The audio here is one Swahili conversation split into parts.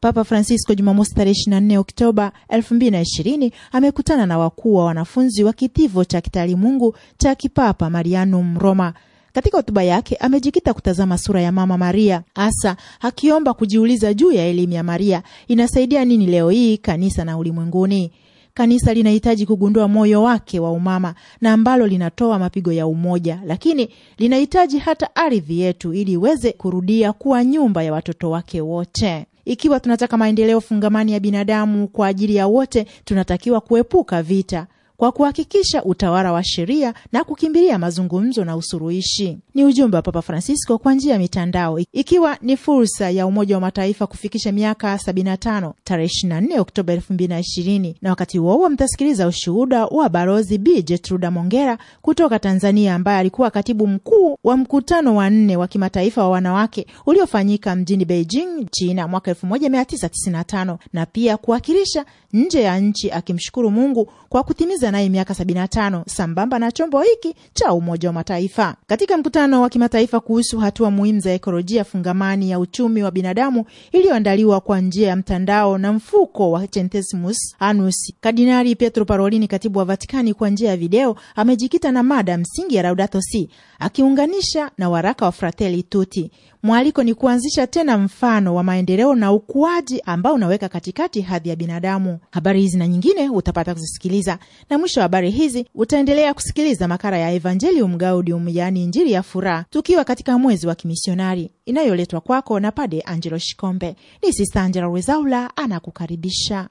Papa Francisco Jumamosi tarehe 24 Oktoba 2020 amekutana na wakuu wa wanafunzi wa kitivo cha kitaalimungu cha kipapa Marianum Roma. Katika hotuba yake amejikita kutazama sura ya Mama Maria, hasa akiomba kujiuliza juu ya elimu ya Maria inasaidia nini leo hii kanisa na ulimwenguni. Kanisa linahitaji kugundua moyo wake wa umama na ambalo linatoa mapigo ya umoja, lakini linahitaji hata ardhi yetu ili iweze kurudia kuwa nyumba ya watoto wake wote. Ikiwa tunataka maendeleo fungamani ya binadamu kwa ajili ya wote, tunatakiwa kuepuka vita kwa kuhakikisha utawala wa sheria na kukimbilia mazungumzo na usuluhishi. Ni ujumbe wa Papa Francisco kwa njia ya mitandao, ikiwa ni fursa ya Umoja wa Mataifa kufikisha miaka 75 tarehe 24 Oktoba 2020. Na wakati huo huo mtasikiliza ushuhuda wa Balozi Bi Jetruda Mongera kutoka Tanzania, ambaye alikuwa katibu mkuu wa mkutano wa nne wa kimataifa wa wanawake uliofanyika mjini Beijing, China mwaka 1995 na pia kuwakilisha nje ya nchi akimshukuru Mungu kwa kutimiza naye miaka 75 sambamba na chombo hiki cha Umoja wa Mataifa. Katika mkutano wa kimataifa kuhusu hatua muhimu za ekolojia fungamani ya uchumi wa binadamu iliyoandaliwa kwa njia ya mtandao na mfuko wa Centesimus Annus, Kardinali Pietro Parolini, katibu wa Vatikani, kwa njia ya video amejikita na mada msingi ya Laudato Si akiunganisha na waraka wa Fratelli Tutti Mwaliko ni kuanzisha tena mfano wa maendeleo na ukuaji ambao unaweka katikati hadhi ya binadamu. Habari hizi na nyingine utapata kuzisikiliza, na mwisho wa habari hizi utaendelea kusikiliza makala ya Evangelium Gaudium, yaani Injili ya Furaha, tukiwa katika mwezi wa kimisionari, inayoletwa kwako na Pade Angelo Shikombe. Ni Sista Angela Rwezaula anakukaribisha.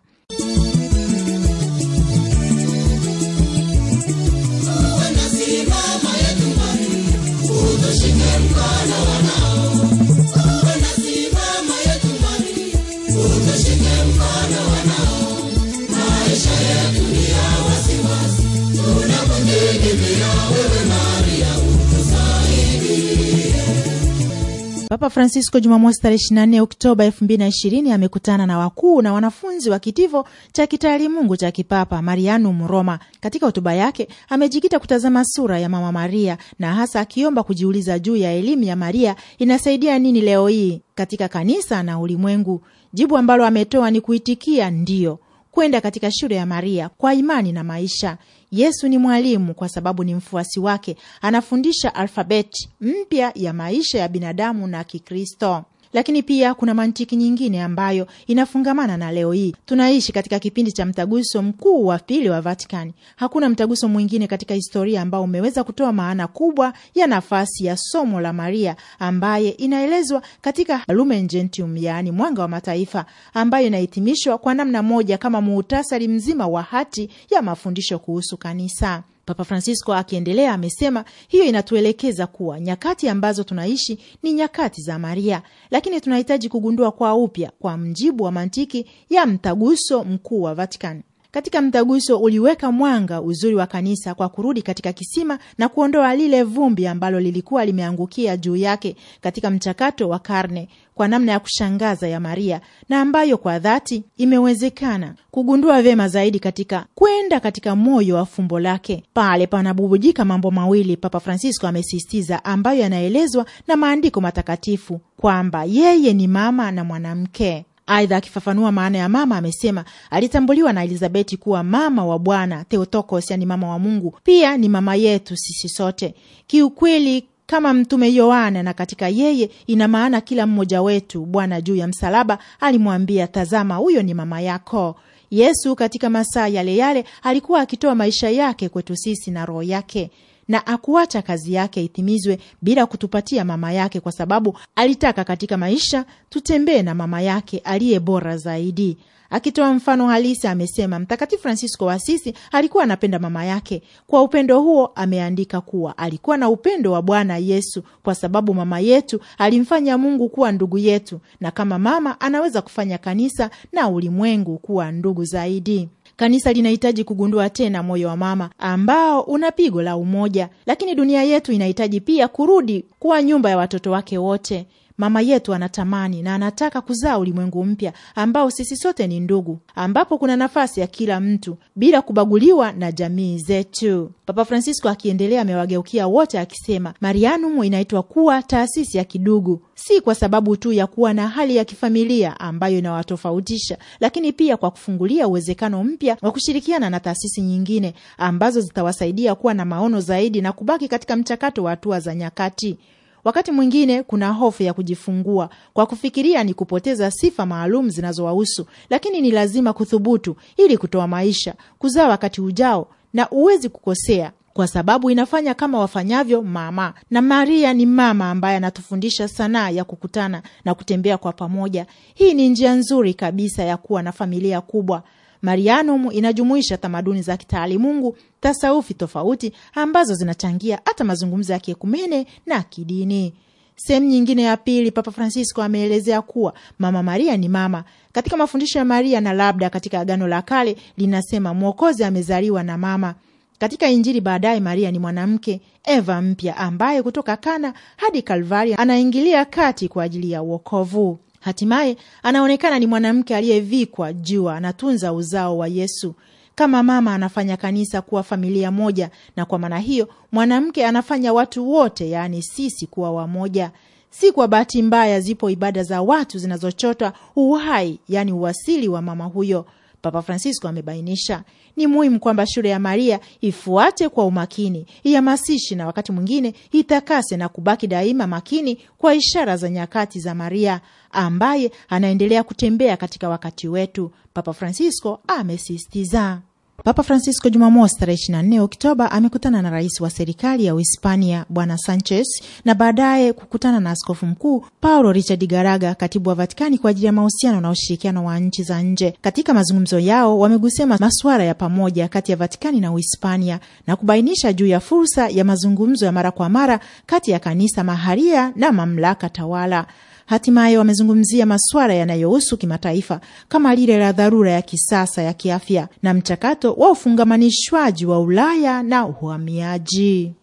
Papa Francisco Jumamosi tarehe 24 Oktoba 2020 amekutana na wakuu na wanafunzi wa kitivo cha kitaalimungu cha kipapa Marianum Roma. Katika hotuba yake amejikita kutazama sura ya Mama Maria na hasa akiomba kujiuliza juu ya elimu ya Maria inasaidia nini leo hii katika kanisa na ulimwengu. Jibu ambalo ametoa ni kuitikia ndiyo kwenda katika shule ya Maria kwa imani na maisha. Yesu ni mwalimu kwa sababu ni mfuasi wake, anafundisha alfabeti mpya ya maisha ya binadamu na Kikristo. Lakini pia kuna mantiki nyingine ambayo inafungamana na leo hii. Tunaishi katika kipindi cha mtaguso mkuu wa pili wa Vatikani. Hakuna mtaguso mwingine katika historia ambao umeweza kutoa maana kubwa ya nafasi ya somo la Maria ambaye inaelezwa katika Lumen Gentium, yaani mwanga wa mataifa, ambayo inahitimishwa kwa namna moja kama muhtasari mzima wa hati ya mafundisho kuhusu kanisa. Papa Francisco akiendelea amesema, hiyo inatuelekeza kuwa nyakati ambazo tunaishi ni nyakati za Maria, lakini tunahitaji kugundua kwa upya kwa mjibu wa mantiki ya mtaguso mkuu wa Vatican. Katika mtaguso uliweka mwanga uzuri wa kanisa kwa kurudi katika kisima na kuondoa lile vumbi ambalo lilikuwa limeangukia juu yake katika mchakato wa karne kwa namna ya kushangaza ya Maria na ambayo kwa dhati imewezekana kugundua vyema zaidi katika kwenda katika moyo wa fumbo lake. Pale panabubujika mambo mawili Papa Francisco amesisitiza, ambayo yanaelezwa na maandiko matakatifu kwamba yeye ni mama na mwanamke. Aidha, akifafanua maana ya mama amesema alitambuliwa na Elizabeti kuwa mama wa Bwana Theotokos, yani mama wa Mungu, pia ni mama yetu sisi sote. Kiukweli kama Mtume Yohana, na katika yeye ina maana kila mmoja wetu. Bwana juu ya msalaba alimwambia, tazama, huyo ni mama yako. Yesu katika masaa yale yale alikuwa akitoa maisha yake kwetu sisi na roho yake na akuacha kazi yake itimizwe bila kutupatia mama yake, kwa sababu alitaka katika maisha tutembee na mama yake aliye bora zaidi. Akitoa mfano halisi, amesema Mtakatifu Francisco wa Asisi alikuwa anapenda mama yake. Kwa upendo huo, ameandika kuwa alikuwa na upendo wa Bwana Yesu, kwa sababu mama yetu alimfanya Mungu kuwa ndugu yetu, na kama mama anaweza kufanya kanisa na ulimwengu kuwa ndugu zaidi. Kanisa linahitaji kugundua tena moyo wa mama ambao una pigo la umoja, lakini dunia yetu inahitaji pia kurudi kuwa nyumba ya watoto wake wote. Mama yetu anatamani na anataka kuzaa ulimwengu mpya ambao sisi sote ni ndugu, ambapo kuna nafasi ya kila mtu bila kubaguliwa na jamii zetu. Papa Francisco akiendelea amewageukia wote akisema, Marianum inaitwa kuwa taasisi ya kidugu, si kwa sababu tu ya kuwa na hali ya kifamilia ambayo inawatofautisha, lakini pia kwa kufungulia uwezekano mpya wa kushirikiana na taasisi nyingine ambazo zitawasaidia kuwa na maono zaidi na kubaki katika mchakato wa hatua za nyakati. Wakati mwingine kuna hofu ya kujifungua kwa kufikiria ni kupoteza sifa maalum zinazowahusu, lakini ni lazima kuthubutu ili kutoa maisha, kuzaa wakati ujao, na uwezi kukosea kwa sababu inafanya kama wafanyavyo mama. Na Maria ni mama ambaye anatufundisha sanaa ya kukutana na kutembea kwa pamoja. Hii ni njia nzuri kabisa ya kuwa na familia kubwa. Marianum inajumuisha tamaduni za kitaalimungu, tasaufi tofauti ambazo zinachangia hata mazungumzo ya kiekumene na kidini. Sehemu nyingine ya pili, Papa Francisco ameelezea kuwa Mama Maria ni mama katika mafundisho ya Maria, na labda katika Agano la Kale linasema Mwokozi amezaliwa na mama. Katika Injili baadaye, Maria ni mwanamke Eva mpya ambaye kutoka Kana hadi Kalvaria anaingilia kati kwa ajili ya uokovu. Hatimaye anaonekana ni mwanamke aliyevikwa jua, anatunza uzao wa Yesu kama mama anafanya kanisa kuwa familia moja, na kwa maana hiyo mwanamke anafanya watu wote, yaani sisi, kuwa wamoja. Si kwa bahati mbaya zipo ibada za watu zinazochota uhai, yaani uwasili wa mama huyo. Papa Francisco amebainisha ni muhimu kwamba shule ya Maria ifuate kwa umakini, ihamasishe na wakati mwingine itakase na kubaki daima makini kwa ishara za nyakati za Maria ambaye anaendelea kutembea katika wakati wetu, Papa Francisco amesisitiza. Papa Francisco Jumamosi tarehe 24 Oktoba amekutana na rais wa serikali ya Uhispania Bwana Sanchez na baadaye kukutana na askofu mkuu Paulo Richard Garaga, katibu wa Vatikani kwa ajili ya mahusiano na ushirikiano wa nchi za nje. Katika mazungumzo yao wamegusia masuala ya pamoja kati ya Vatikani na Uhispania na kubainisha juu ya fursa ya mazungumzo ya mara kwa mara kati ya kanisa maharia na mamlaka tawala. Hatimaye wamezungumzia masuala yanayohusu kimataifa kama lile la dharura ya kisasa ya kiafya na mchakato wa ufungamanishwaji wa Ulaya na uhamiaji.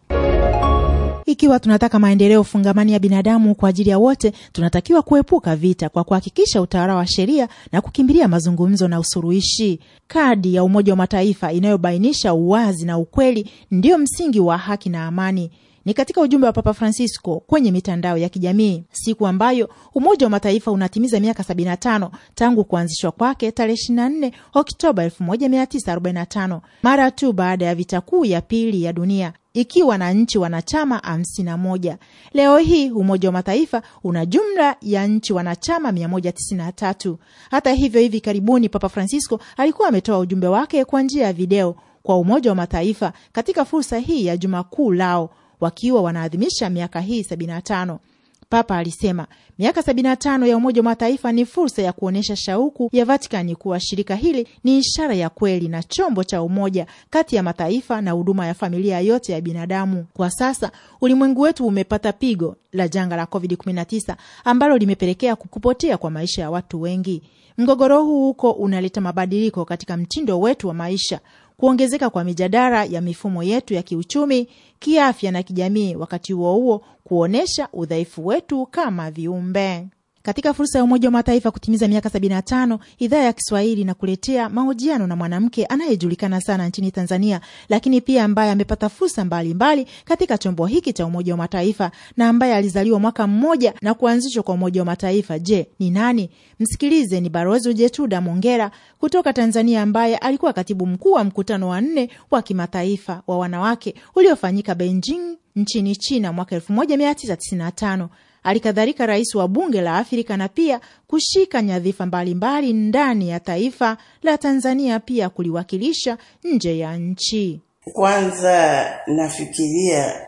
Ikiwa tunataka maendeleo fungamani ya binadamu kwa ajili ya wote, tunatakiwa kuepuka vita kwa kuhakikisha utawala wa sheria na kukimbilia mazungumzo na usuluhishi. Kadi ya Umoja wa Mataifa inayobainisha uwazi na ukweli ndiyo msingi wa haki na amani. Ni katika ujumbe wa Papa Francisco kwenye mitandao ya kijamii siku ambayo Umoja wa Mataifa unatimiza miaka 75 tangu kuanzishwa kwake tarehe 24 Oktoba 1945 mara tu baada ya vita kuu ya pili ya dunia ikiwa na nchi wanachama hamsini na moja. Leo hii Umoja wa Mataifa una jumla ya nchi wanachama mia moja tisini na tatu. Hata hivyo, hivi karibuni Papa Francisco alikuwa ametoa ujumbe wake kwa njia ya video kwa Umoja wa Mataifa katika fursa hii ya Juma Kuu lao wakiwa wanaadhimisha miaka hii 75. Papa alisema miaka 75 ya Umoja wa Mataifa ni fursa ya kuonyesha shauku ya Vatikani kuwa shirika hili ni ishara ya kweli na chombo cha umoja kati ya mataifa na huduma ya familia yote ya binadamu. Kwa sasa ulimwengu wetu umepata pigo la janga la COVID-19 ambalo limepelekea kupotea kwa maisha ya watu wengi. Mgogoro huu huko unaleta mabadiliko katika mtindo wetu wa maisha, kuongezeka kwa mijadala ya mifumo yetu ya kiuchumi, kiafya na kijamii, wakati huo huo kuonyesha udhaifu wetu kama viumbe. Katika fursa ya Umoja wa Mataifa kutimiza miaka 75 idhaa ya Kiswahili na kuletea mahojiano na mwanamke anayejulikana sana nchini Tanzania, lakini pia ambaye amepata fursa mbalimbali katika chombo hiki cha Umoja wa Mataifa na ambaye alizaliwa mwaka mmoja na kuanzishwa kwa Umoja wa Mataifa. Je, ni nani? Msikilize, ni Balozi Ujetuda Mongera kutoka Tanzania, ambaye alikuwa katibu mkuu wa mkutano wa nne wa kimataifa wa wanawake uliofanyika Beijing nchini China mwaka 1995 alikadhalika rais wa bunge la Afrika na pia kushika nyadhifa mbalimbali ndani ya taifa la Tanzania, pia kuliwakilisha nje ya nchi. Kwanza nafikiria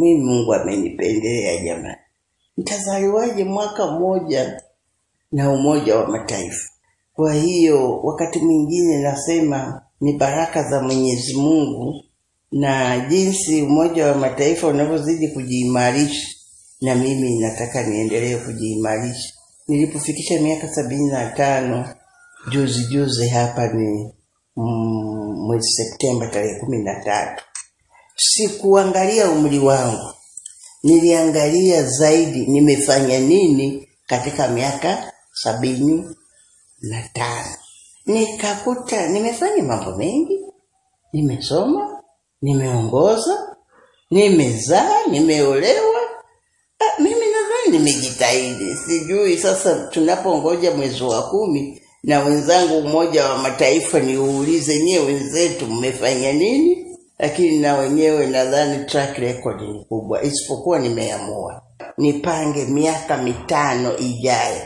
mimi Mungu amenipendelea jamani, ntazaliwaje mwaka mmoja na Umoja wa Mataifa? Kwa hiyo wakati mwingine nasema ni baraka za Mwenyezi Mungu na jinsi Umoja wa Mataifa unavyozidi kujiimarisha na mimi nataka niendelee kujiimarisha. Nilipofikisha miaka sabini na tano juzi juzi hapa ni mm, mwezi Septemba tarehe kumi na tatu, sikuangalia umri wangu, niliangalia zaidi nimefanya nini katika miaka sabini na tano. Nikakuta nimefanya mambo mengi, nimesoma, nimeongoza, nimezaa, nimeolewa nimejitahidi, sijui sasa tunapongoja mwezi wa kumi na wenzangu Umoja wa Mataifa niuulize, nyie wenzetu mmefanya nini? Lakini na wenyewe nadhani track record ni kubwa, isipokuwa nimeamua nipange miaka mitano ijayo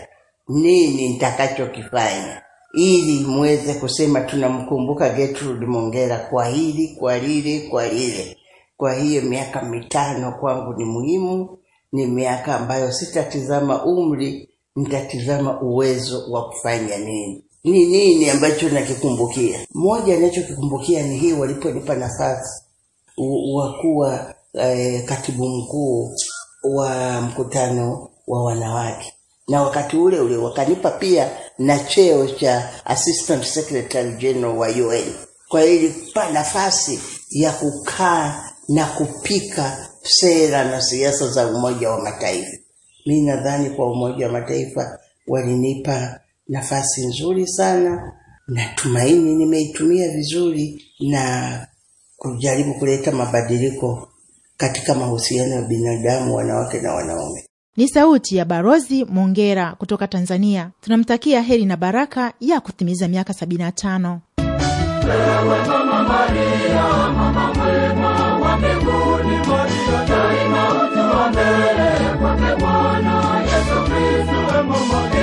nini nitakachokifanya ili muweze kusema tunamkumbuka Gertrude Mongera kwa hili, kwa lile, kwa lile. Kwa hiyo miaka mitano kwangu ni muhimu ni miaka ambayo sitatizama umri, nitatizama uwezo wa kufanya nini. Ni nini ambacho nakikumbukia? Moja ninachokikumbukia ni hii, waliponipa nafasi wa kuwa e, katibu mkuu wa mkutano wa wanawake, na wakati ule ule wakanipa pia na cheo cha assistant secretary general wa UN. Kwa hiyo nafasi ya kukaa na kupika sera na siasa za Umoja wa Mataifa. Mi nadhani kwa Umoja wa Mataifa walinipa nafasi nzuri sana, natumaini nimeitumia vizuri na kujaribu kuleta mabadiliko katika mahusiano ya binadamu, wanawake na wanaume. Ni sauti ya Barozi Mongera kutoka Tanzania. Tunamtakia heri na baraka ya kutimiza miaka sabini na tano. i utu wa mbele kwake Bwana Yesu Kristo wemomoe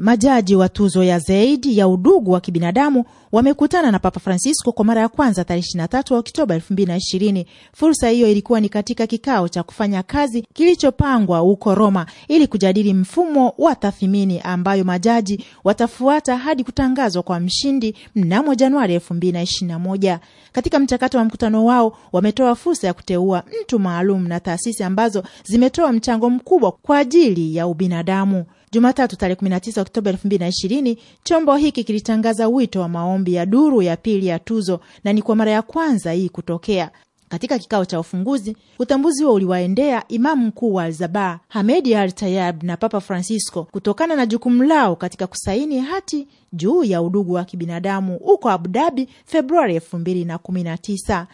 Majaji wa tuzo ya zaidi ya udugu wa kibinadamu wamekutana na Papa Francisco kwa mara ya kwanza tarehe 23 Oktoba 2020. Fursa hiyo ilikuwa ni katika kikao cha kufanya kazi kilichopangwa huko Roma ili kujadili mfumo wa tathmini ambayo majaji watafuata hadi kutangazwa kwa mshindi mnamo Januari 2021. Katika mchakato wa mkutano wao, wametoa fursa ya kuteua mtu maalum na taasisi ambazo zimetoa mchango mkubwa kwa ajili ya ubinadamu. Jumatatu tarehe 19 Oktoba 2020 chombo hiki kilitangaza wito wa maombi ya duru ya pili ya tuzo, na ni kwa mara ya kwanza hii kutokea. Katika kikao cha ufunguzi, utambuzi huo uliwaendea imamu mkuu wa alzaba Hamedi Al Tayab na Papa Francisco kutokana na jukumu lao katika kusaini hati juu ya udugu wa kibinadamu huko Abu Dhabi Februari 219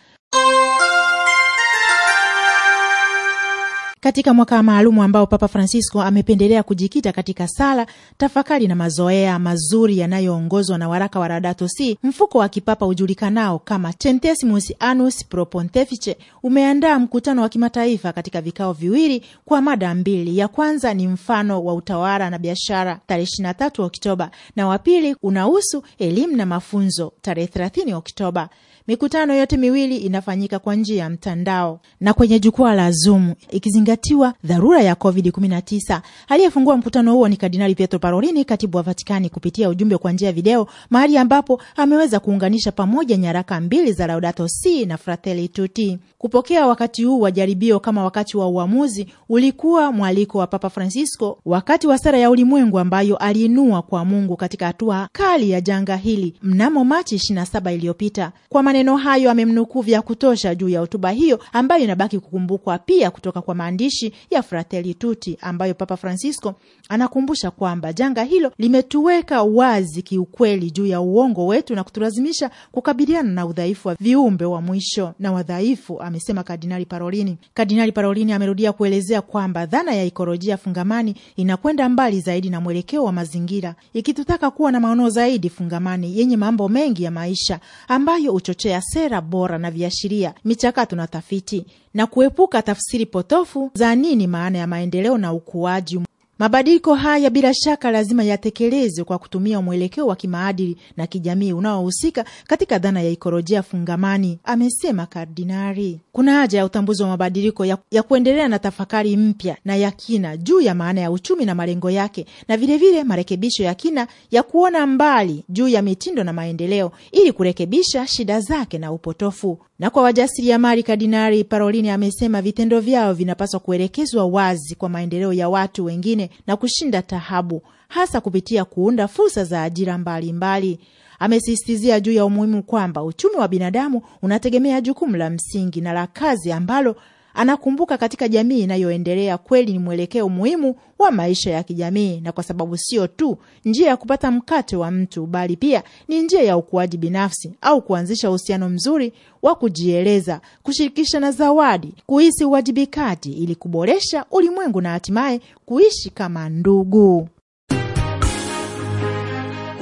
katika mwaka maalumu ambao Papa Francisco amependelea kujikita katika sala, tafakari na mazoea mazuri yanayoongozwa na waraka wa Laudato Si, mfuko wa kipapa ujulikanao kama Centesimus Annus Pro Pontifice umeandaa mkutano wa kimataifa katika vikao viwili kwa mada mbili. Ya kwanza ni mfano wa utawala na biashara tarehe 23 Oktoba, na wa pili unahusu elimu na mafunzo tarehe 30 Oktoba. Mikutano yote miwili inafanyika kwa njia ya mtandao na kwenye jukwaa la Zoom, ikizingatiwa dharura ya COVID-19. Aliyefungua mkutano huo ni Kardinali Pietro Parolini, katibu wa Vatikani, kupitia ujumbe kwa njia ya video, mahali ambapo ameweza kuunganisha pamoja nyaraka mbili za Laudato Si na Fratelli Tutti. Kupokea wakati huu wa jaribio kama wakati wa uamuzi ulikuwa mwaliko wa Papa Francisco wakati wa sara ya ulimwengu ambayo aliinua kwa Mungu katika hatua kali ya janga hili mnamo Machi 27 iliyopita kwa maneno hayo amemnukuu vya kutosha juu ya hotuba hiyo ambayo inabaki kukumbukwa pia kutoka kwa maandishi ya Fratelli Tutti ambayo Papa Francisco anakumbusha kwamba janga hilo limetuweka wazi kiukweli juu ya uongo wetu na kutulazimisha kukabiliana na udhaifu wa viumbe wa mwisho na wadhaifu, amesema Kardinali Parolini. Kardinali Parolini amerudia kuelezea kwamba dhana ya ikolojia fungamani inakwenda mbali zaidi na mwelekeo wa mazingira, ikitutaka kuwa na maono zaidi fungamani yenye mambo mengi ya maisha ambayo uchoche maonesho ya sera bora na viashiria, michakato na tafiti, na kuepuka tafsiri potofu za nini maana ya maendeleo na ukuaji. Mabadiliko haya bila shaka lazima yatekelezwe kwa kutumia mwelekeo wa kimaadili na kijamii unaohusika katika dhana ya ikolojia fungamani, amesema kardinari. Kuna haja ya utambuzi wa mabadiliko ya, ya kuendelea na tafakari mpya na ya kina juu ya maana ya uchumi na malengo yake, na vilevile marekebisho ya kina ya kuona mbali juu ya mitindo na maendeleo ili kurekebisha shida zake na upotofu. Na kwa wajasiriamali, kardinari Parolini amesema vitendo vyao vinapaswa kuelekezwa wazi kwa maendeleo ya watu wengine na kushinda tahabu, hasa kupitia kuunda fursa za ajira mbalimbali. Amesisitizia juu ya umuhimu kwamba uchumi wa binadamu unategemea jukumu la msingi na la kazi ambalo Anakumbuka katika jamii inayoendelea kweli ni mwelekeo muhimu wa maisha ya kijamii, na kwa sababu sio tu njia ya kupata mkate wa mtu, bali pia ni njia ya ukuaji binafsi au kuanzisha uhusiano mzuri wa kujieleza, kushirikisha na zawadi, kuhisi uwajibikaji ili kuboresha ulimwengu na hatimaye kuishi kama ndugu.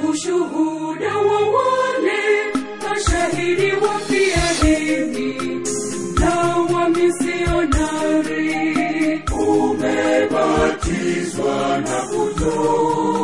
Ushuhuda wa wale mashahidi wa wanakutoa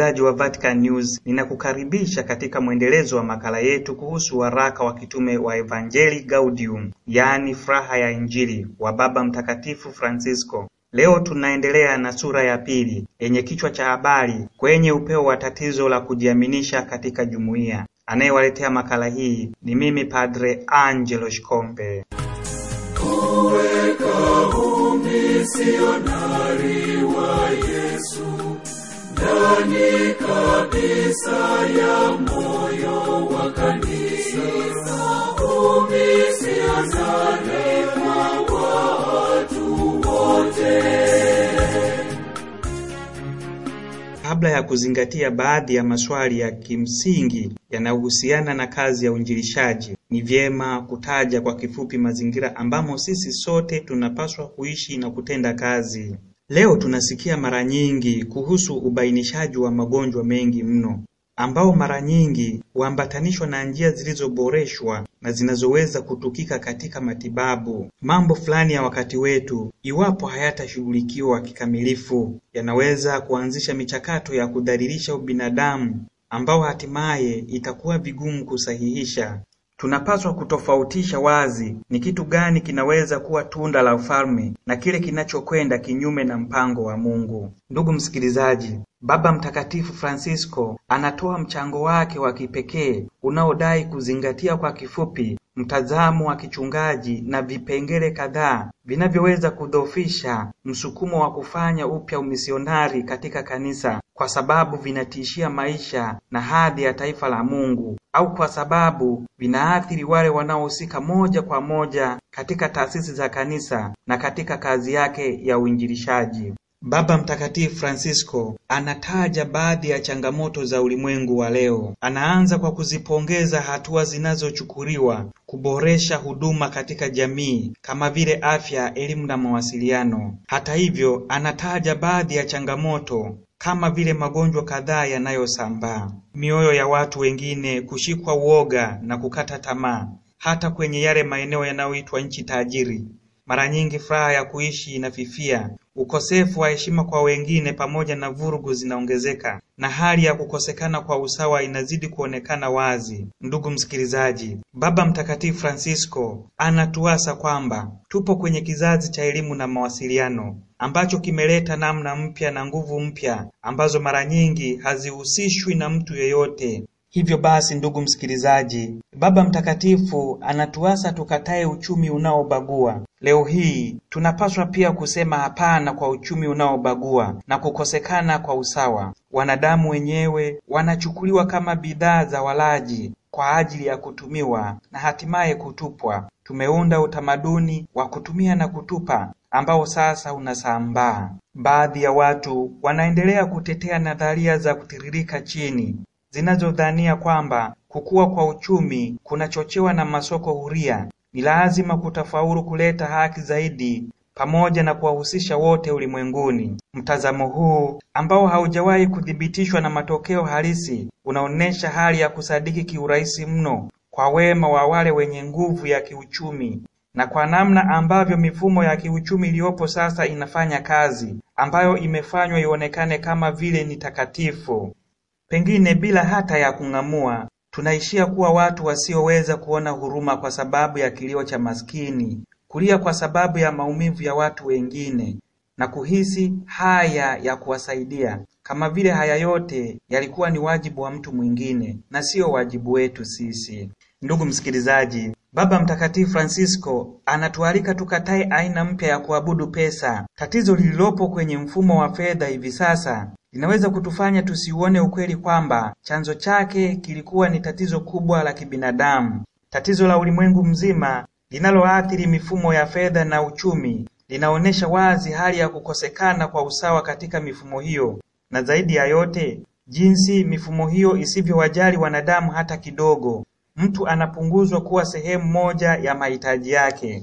msikilizaji wa Vatican News, ninakukaribisha katika mwendelezo wa makala yetu kuhusu waraka wa kitume wa Evangelii Gaudium, yaani furaha ya Injili, wa Baba Mtakatifu Francisco. Leo tunaendelea na sura ya pili yenye kichwa cha habari kwenye upeo wa tatizo la kujiaminisha katika jumuiya. Anayewaletea makala hii ni mimi Padre Angelo Shikombe. Kuweka umisionari wa Yesu ndani kabisa ya moyo wa kanisa watu wote. Kabla ya kuzingatia baadhi ya maswali ya kimsingi yanayohusiana na kazi ya uinjilishaji, ni vyema kutaja kwa kifupi mazingira ambamo sisi sote tunapaswa kuishi na kutenda kazi. Leo tunasikia mara nyingi kuhusu ubainishaji wa magonjwa mengi mno ambao mara nyingi huambatanishwa na njia zilizoboreshwa na zinazoweza kutukika katika matibabu. Mambo fulani ya wakati wetu, iwapo hayatashughulikiwa kikamilifu, yanaweza kuanzisha michakato ya kudhalilisha ubinadamu ambao hatimaye itakuwa vigumu kusahihisha. Tunapaswa kutofautisha wazi ni kitu gani kinaweza kuwa tunda la ufalme na kile kinachokwenda kinyume na mpango wa Mungu. Ndugu msikilizaji, Baba Mtakatifu Francisco anatoa mchango wake wa kipekee unaodai kuzingatia kwa kifupi mtazamo wa kichungaji na vipengele kadhaa vinavyoweza kudhoofisha msukumo wa kufanya upya umisionari katika kanisa kwa sababu vinatishia maisha na hadhi ya taifa la Mungu au kwa sababu vinaathiri wale wanaohusika moja kwa moja katika taasisi za kanisa na katika kazi yake ya uinjilishaji. Baba Mtakatifu Francisco anataja baadhi ya changamoto za ulimwengu wa leo. Anaanza kwa kuzipongeza hatua zinazochukuliwa kuboresha huduma katika jamii kama vile afya, elimu na mawasiliano. Hata hivyo, anataja baadhi ya changamoto kama vile magonjwa kadhaa yanayosambaa, mioyo ya watu wengine kushikwa uoga na kukata tamaa hata kwenye yale maeneo yanayoitwa nchi tajiri. Mara nyingi furaha ya kuishi inafifia, ukosefu wa heshima kwa wengine pamoja na vurugu zinaongezeka, na hali ya kukosekana kwa usawa inazidi kuonekana wazi. Ndugu msikilizaji, Baba Mtakatifu Francisco anatuasa kwamba tupo kwenye kizazi cha elimu na mawasiliano ambacho kimeleta namna mpya na nguvu mpya ambazo mara nyingi hazihusishwi na mtu yeyote, Hivyo basi ndugu msikilizaji, Baba Mtakatifu anatuasa tukatae uchumi unaobagua. Leo hii tunapaswa pia kusema hapana kwa uchumi unaobagua na kukosekana kwa usawa. Wanadamu wenyewe wanachukuliwa kama bidhaa za walaji kwa ajili ya kutumiwa na hatimaye kutupwa. Tumeunda utamaduni wa kutumia na kutupa ambao sasa unasambaa. Baadhi ya watu wanaendelea kutetea nadharia za kutiririka chini zinazodhania kwamba kukua kwa uchumi kunachochewa na masoko huria ni lazima kutafaulu kuleta haki zaidi pamoja na kuwahusisha wote ulimwenguni. Mtazamo huu ambao haujawahi kuthibitishwa na matokeo halisi unaonesha hali ya kusadiki kiurahisi mno kwa wema wa wale wenye nguvu ya kiuchumi na kwa namna ambavyo mifumo ya kiuchumi iliyopo sasa inafanya kazi ambayo imefanywa ionekane kama vile ni takatifu pengine bila hata ya kung'amua Tunaishia kuwa watu wasioweza kuona huruma kwa sababu ya kilio cha maskini, kulia kwa sababu ya maumivu ya watu wengine, na kuhisi haya ya kuwasaidia, kama vile haya yote yalikuwa ni wajibu wa mtu mwingine na siyo wajibu wetu sisi. Ndugu msikilizaji, Baba Mtakatifu Francisco anatualika tukatae aina mpya ya kuabudu pesa, tatizo lililopo kwenye mfumo wa fedha hivi sasa linaweza kutufanya tusiuone ukweli kwamba chanzo chake kilikuwa ni tatizo kubwa la kibinadamu, tatizo la ulimwengu mzima linaloathiri mifumo ya fedha na uchumi. Linaonesha wazi hali ya kukosekana kwa usawa katika mifumo hiyo, na zaidi ya yote, jinsi mifumo hiyo isivyowajali wanadamu hata kidogo. Mtu anapunguzwa kuwa sehemu moja ya mahitaji yake.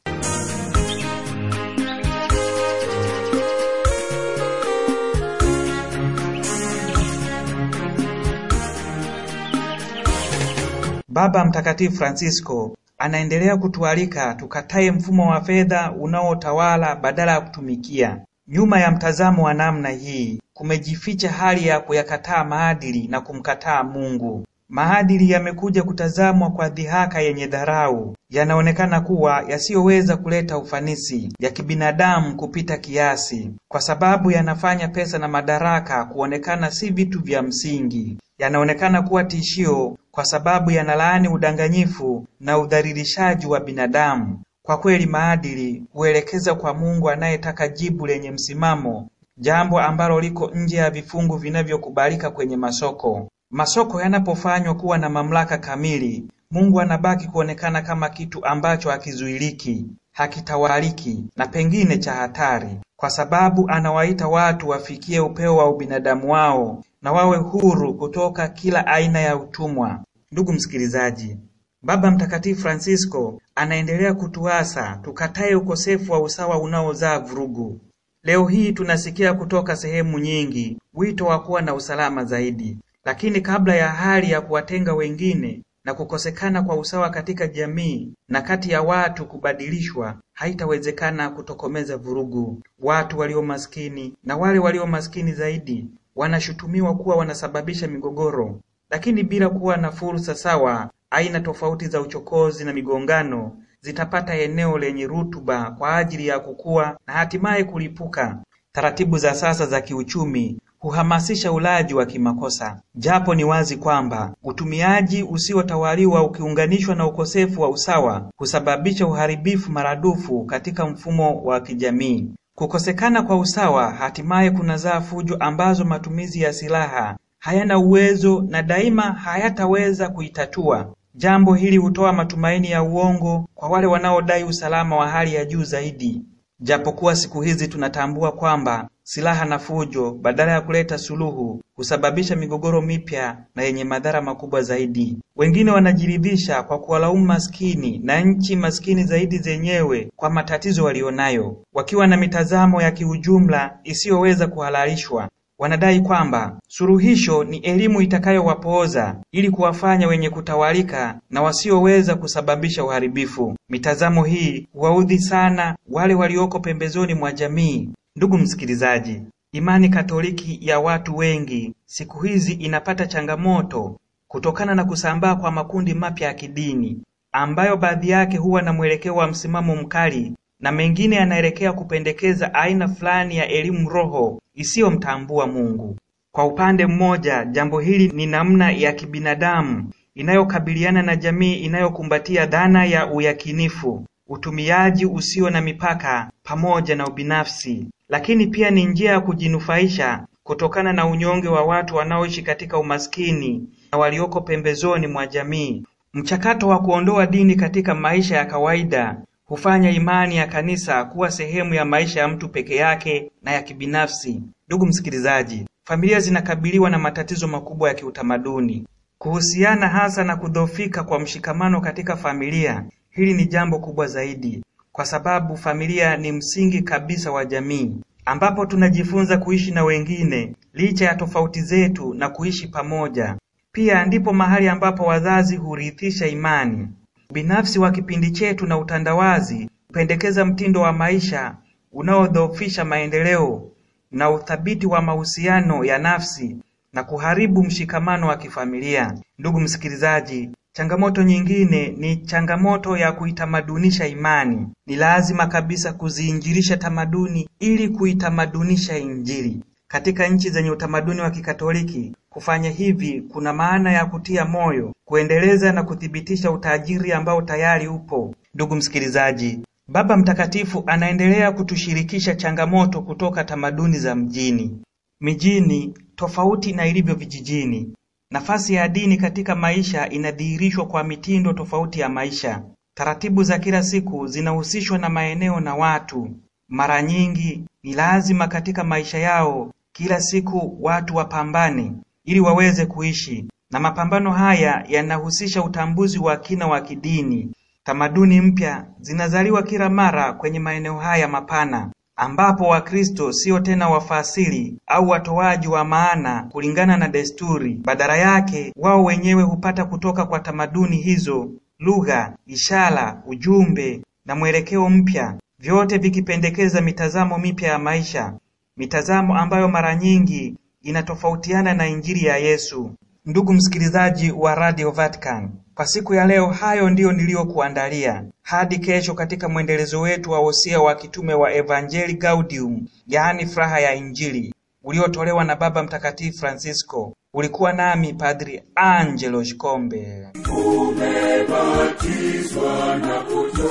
Baba Mtakatifu francisco anaendelea kutualika tukatae mfumo wa fedha unaotawala badala ya kutumikia. Nyuma ya mtazamo wa namna hii kumejificha hali ya kuyakataa maadili na kumkataa Mungu. Maadili yamekuja kutazamwa kwa dhihaka yenye dharau, yanaonekana kuwa yasiyoweza kuleta ufanisi, ya kibinadamu kupita kiasi, kwa sababu yanafanya pesa na madaraka kuonekana si vitu vya msingi, yanaonekana kuwa tishio kwa sababu yanalaani udanganyifu na udhalilishaji wa binadamu kwa kweli maadili huelekeza kwa Mungu anayetaka jibu lenye msimamo, jambo ambalo liko nje ya vifungu vinavyokubalika kwenye masoko. Masoko yanapofanywa kuwa na mamlaka kamili, Mungu anabaki kuonekana kama kitu ambacho hakizuiliki, hakitawaliki na pengine cha hatari, kwa sababu anawaita watu wafikie upeo wa ubinadamu wao na wawe huru kutoka kila aina ya utumwa. Ndugu msikilizaji, Baba Mtakatifu Francisco anaendelea kutuasa tukataye ukosefu wa usawa unaozaa vurugu. Leo hii tunasikia kutoka sehemu nyingi wito wa kuwa na usalama zaidi, lakini kabla ya hali ya kuwatenga wengine na kukosekana kwa usawa katika jamii na kati ya watu kubadilishwa, haitawezekana kutokomeza vurugu. Watu walio maskini na wale walio maskini zaidi wanashutumiwa kuwa wanasababisha migogoro, lakini bila kuwa na fursa sawa aina tofauti za uchokozi na migongano zitapata eneo lenye rutuba kwa ajili ya kukua na hatimaye kulipuka. Taratibu za sasa za kiuchumi huhamasisha ulaji wa kimakosa, japo ni wazi kwamba utumiaji usiotawaliwa ukiunganishwa na ukosefu wa usawa husababisha uharibifu maradufu katika mfumo wa kijamii. Kukosekana kwa usawa hatimaye kunazaa fujo ambazo matumizi ya silaha hayana uwezo na daima hayataweza kuitatua Jambo hili hutoa matumaini ya uongo kwa wale wanaodai usalama wa hali ya juu zaidi. Japokuwa siku hizi tunatambua kwamba silaha na fujo badala ya kuleta suluhu husababisha migogoro mipya na yenye madhara makubwa zaidi. Wengine wanajiridhisha kwa kuwalaumu maskini na nchi maskini zaidi zenyewe kwa matatizo waliyonayo wakiwa na mitazamo ya kiujumla isiyoweza kuhalalishwa wanadai kwamba suluhisho ni elimu itakayowapooza ili kuwafanya wenye kutawalika na wasioweza kusababisha uharibifu. Mitazamo hii huwaudhi sana wale walioko pembezoni mwa jamii. Ndugu msikilizaji, imani Katoliki ya watu wengi siku hizi inapata changamoto kutokana na kusambaa kwa makundi mapya ya kidini ambayo baadhi yake huwa na mwelekeo wa msimamo mkali na mengine yanaelekea kupendekeza aina fulani ya elimu roho isiyomtambua Mungu. Kwa upande mmoja, jambo hili ni namna ya kibinadamu inayokabiliana na jamii inayokumbatia dhana ya uyakinifu, utumiaji usio na mipaka pamoja na ubinafsi, lakini pia ni njia ya kujinufaisha kutokana na unyonge wa watu wanaoishi katika umaskini na walioko pembezoni mwa jamii. Mchakato wa kuondoa dini katika maisha ya kawaida hufanya imani ya Kanisa kuwa sehemu ya maisha ya mtu peke yake na ya kibinafsi. Ndugu msikilizaji, familia zinakabiliwa na matatizo makubwa ya kiutamaduni kuhusiana hasa na kudhoofika kwa mshikamano katika familia. Hili ni jambo kubwa zaidi, kwa sababu familia ni msingi kabisa wa jamii, ambapo tunajifunza kuishi na wengine licha ya tofauti zetu na kuishi pamoja. Pia ndipo mahali ambapo wazazi hurithisha imani binafsi wa kipindi chetu na utandawazi hupendekeza mtindo wa maisha unaodhoofisha maendeleo na uthabiti wa mahusiano ya nafsi na kuharibu mshikamano wa kifamilia. Ndugu msikilizaji, changamoto nyingine ni changamoto ya kuitamadunisha imani. Ni lazima kabisa kuziinjilisha tamaduni ili kuitamadunisha Injili. Katika nchi zenye utamaduni wa Kikatoliki kufanya hivi kuna maana ya kutia moyo, kuendeleza na kuthibitisha utajiri ambao tayari upo. Ndugu msikilizaji, Baba Mtakatifu anaendelea kutushirikisha changamoto kutoka tamaduni za mjini. Mijini tofauti na ilivyo vijijini, nafasi ya dini katika maisha inadhihirishwa kwa mitindo tofauti ya maisha. Taratibu za kila siku zinahusishwa na maeneo na watu. Mara nyingi ni lazima katika maisha yao kila siku watu wapambane ili waweze kuishi na mapambano haya yanahusisha utambuzi wa kina wa kidini. Tamaduni mpya zinazaliwa kila mara kwenye maeneo haya mapana ambapo Wakristo sio tena wafasiri au watoaji wa maana kulingana na desturi, badala yake wao wenyewe hupata kutoka kwa tamaduni hizo lugha, ishara, ujumbe na mwelekeo mpya, vyote vikipendekeza mitazamo mipya ya maisha mitazamo ambayo mara nyingi inatofautiana na Injili ya Yesu. Ndugu msikilizaji wa Radio Vatican, kwa siku ya leo hayo ndiyo niliyokuandalia. Hadi kesho katika mwendelezo wetu wa wosia wa kitume wa Evangelii Gaudium, yaani furaha ya Injili, uliotolewa na Baba Mtakatifu Francisco. Ulikuwa nami Padri Angelo Shikombe. Tumebatizwa na mbinguni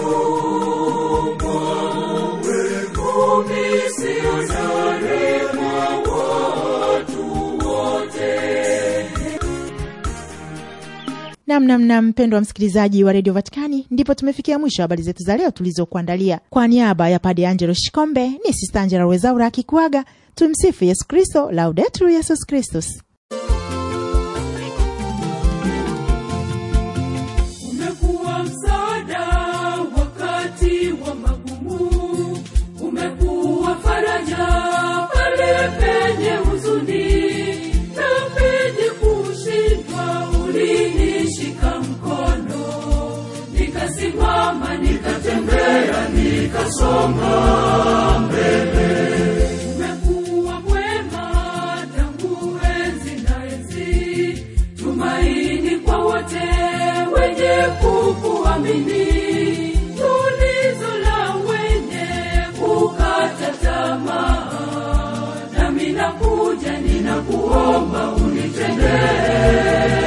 namnamna mpendwa msikilizaji wa redio Vatikani, ndipo tumefikia mwisho habari zetu za leo tulizokuandalia. Kwa niaba ya Pade Angelo Shikombe, ni Sista Angela Wezaura akikuaga. Tumsifu Yesu Kristo, Laudetur Yesus Kristus. Koma unitendee